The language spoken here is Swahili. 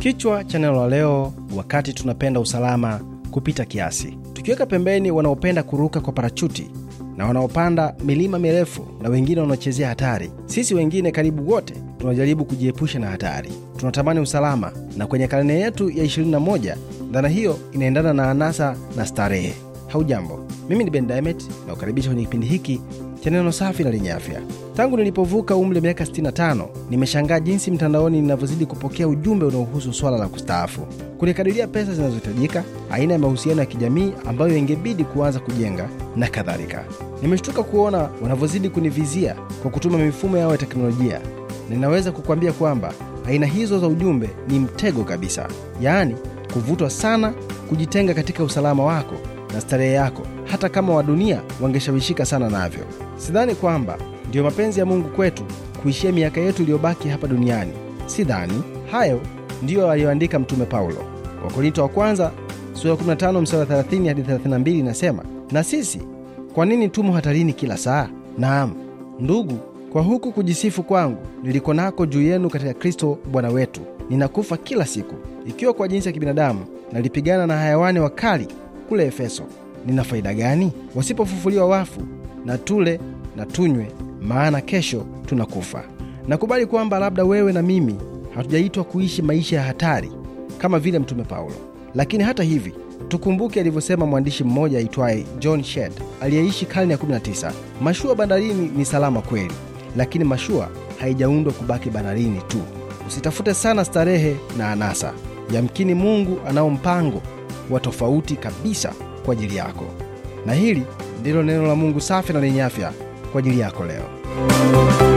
Kichwa cha neno la leo: wakati tunapenda usalama kupita kiasi. Tukiweka pembeni wanaopenda kuruka kwa parachuti na wanaopanda milima mirefu na wengine wanaochezea hatari, sisi wengine karibu wote tunajaribu kujiepusha na hatari. Tunatamani usalama, na kwenye karne yetu ya 21 dhana hiyo inaendana na anasa na starehe. Haujambo, mimi ni Ben Diamond na ukaribisha kwenye kipindi hiki cha neno safi na lenye afya. Tangu nilipovuka umri wa miaka 65 nimeshangaa jinsi mtandaoni ninavyozidi kupokea ujumbe unaohusu swala la kustaafu, kunikadiria pesa zinazohitajika, aina ya mahusiano ya kijamii ambayo ingebidi kuanza kujenga na kadhalika. Nimeshtuka kuona wanavyozidi kunivizia kwa kutuma mifumo yao ya teknolojia. Ninaweza kukwambia kwamba aina hizo za ujumbe ni mtego kabisa, yaani kuvutwa sana, kujitenga katika usalama wako na starehe yako, hata kama wadunia wangeshawishika sana navyo. Sidhani kwamba ndiyo mapenzi ya Mungu kwetu kuishia miaka yetu iliyobaki hapa duniani, sidhani. Hayo ndiyo aliyoandika Mtume Paulo. Wakorinto wa kwanza sura 15 mstari 30 hadi 32 inasema, na sisi kwa nini tumo hatarini kila saa? Naam ndugu, kwa huku kujisifu kwangu niliko nako juu yenu katika Kristo Bwana wetu, ninakufa kila siku. Ikiwa kwa jinsi ya kibinadamu nalipigana na hayawani wakali kule Efeso. Nina faida gani wasipofufuliwa wafu? Na tule na tunywe, maana kesho tunakufa. Nakubali kwamba labda wewe na mimi hatujaitwa kuishi maisha ya hatari kama vile Mtume Paulo, lakini hata hivi tukumbuke alivyosema mwandishi mmoja aitwaye John Shedd aliyeishi karne ya 19, mashua bandarini ni salama kweli, lakini mashua haijaundwa kubaki bandarini tu. Usitafute sana starehe na anasa, yamkini Mungu anao mpango wa tofauti kabisa kwa ajili yako. Na hili ndilo neno la Mungu safi na lenye afya kwa ajili yako leo.